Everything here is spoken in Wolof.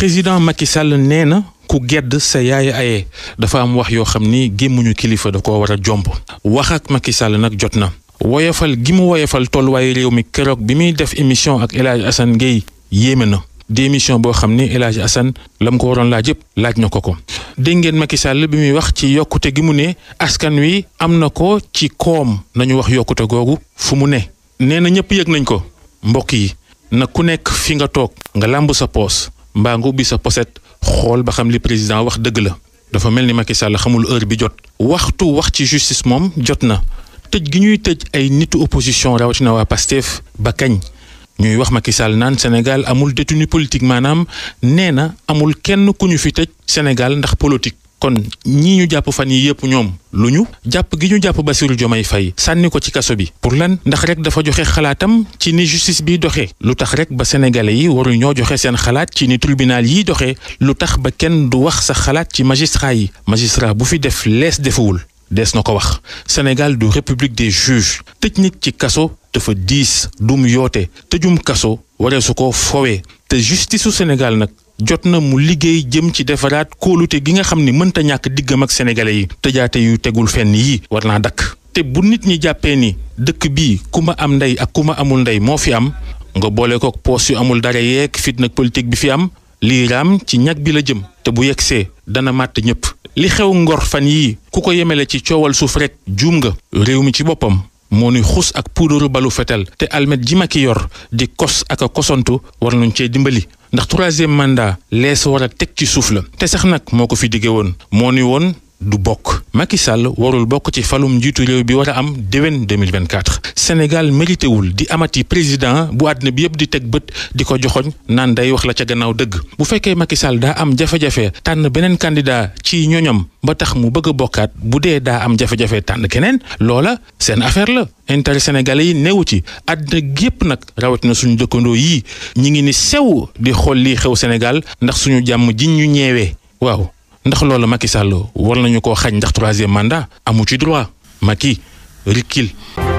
président Macky Sall nee na ku gedd sa yaay aye dafa am wax yoo xam ni gémmuñu kilifa da ko war a jomb wax ak Macky Sall nag jot na woyofal gi mu woyofal tolluwaayu réew mi keroog bi muy def émission ak El Hadj Assane Gueye yéeme na di émission boo xam ni El Hadj Assane la mu ko waroon laaj yëpp laaj na ko ko. déngeen ngeen Macky Sall bi muy wax ci yokkute gi mu ne askan wi am na ko ci koom nañu wax yokkute googu fu mu ne nee na ñëpp yëg nañ ko mbokk yi na ku nekk fi nga toog nga làmb sa poos. mbaa nga ubbi sa poset xool ba xam li président wax dëgg la dafa mel ni Macky Sall xamul heure bi jot. waxtu wax ci justice moom jot na tëj gi ñuy tëj ay nitu opposition rawatina waa Pastef ba kañ ñuy wax Macky Sall naan Sénégal amul détenu politique maanaam nee na amul kenn ku ñu fi tëj Sénégal ndax politique. kon ñi ñu jàpp fan yi yëpp ñoom lu ñu jàpp gi ñu jàpp Bassirou Diomaye fay sànni ko ci kaso bi pour lan ndax rek dafa joxe xalaatam ci ni justice bi doxee lu tax rek ba sénégalais yi waru ñoo joxe seen xalaat ci ni tribunal yi doxee lu tax ba kenn du wax sa xalaat ci magistrat yi magistrat bu fi def lees defewul dees na ko wax Sénégal du république de juges tëj nit ci kaso dafa diis dum yoote tëjum kaso waree su ko foowee te justice su Sénégal nag jot na mu liggéey jëm ci defaraat kóolute gi nga xam ne mënta ñàkk diggam ak sénégalais yi tëjaate yu tegul fenn yi war naa dakk te bu nit ñi jàppee ni dëkk bi ku ma am ndey ak ku ma amul ndey moo fi am nga boole kook poos yu amul dara yeeg fitna politique bi fi am lii raam ci ñag bi la jëm te bu yegsee dana màtt ñëpp li xew ngor fan yi ku ko yemele ci coowal suuf rek juum nga réew mi ci boppam moo nuy xus ak puudaru balu fetal te almet ji ma ki yor di kos ak a kosantu nañ cee dimbali ndax troisième mandat lees war a teg ci suuf la te sax nag moo ko fi diggee woon moo ni woon du bokk Macky Sall warul bokk ci falum njiitu réew bi war a am déwén 2024 Sénégal mérité wul di amati président bu àddina bi yëpp di teg bët di ko joxoñ naan day wax la ca gannaaw dëgg bu fekkee Macky Sall daa am jafe-jafe tànn beneen candidat ci ñoñam ba tax mu bëgg a bokkaat bu dee daa am jafe-jafe tànn keneen loola seen affaire la intérêt sénégalais yi newu ci àddina gépp nag rawatina suñu dëkkandoo yii ñi ngi ni sew di xool lii xew Sénégal ndax suñu jàmm ji ñu ñeewee waaw ndax loolu Macky Sall war nañu koo xañ ndax troisième mandat amu ci droit Macky rikkil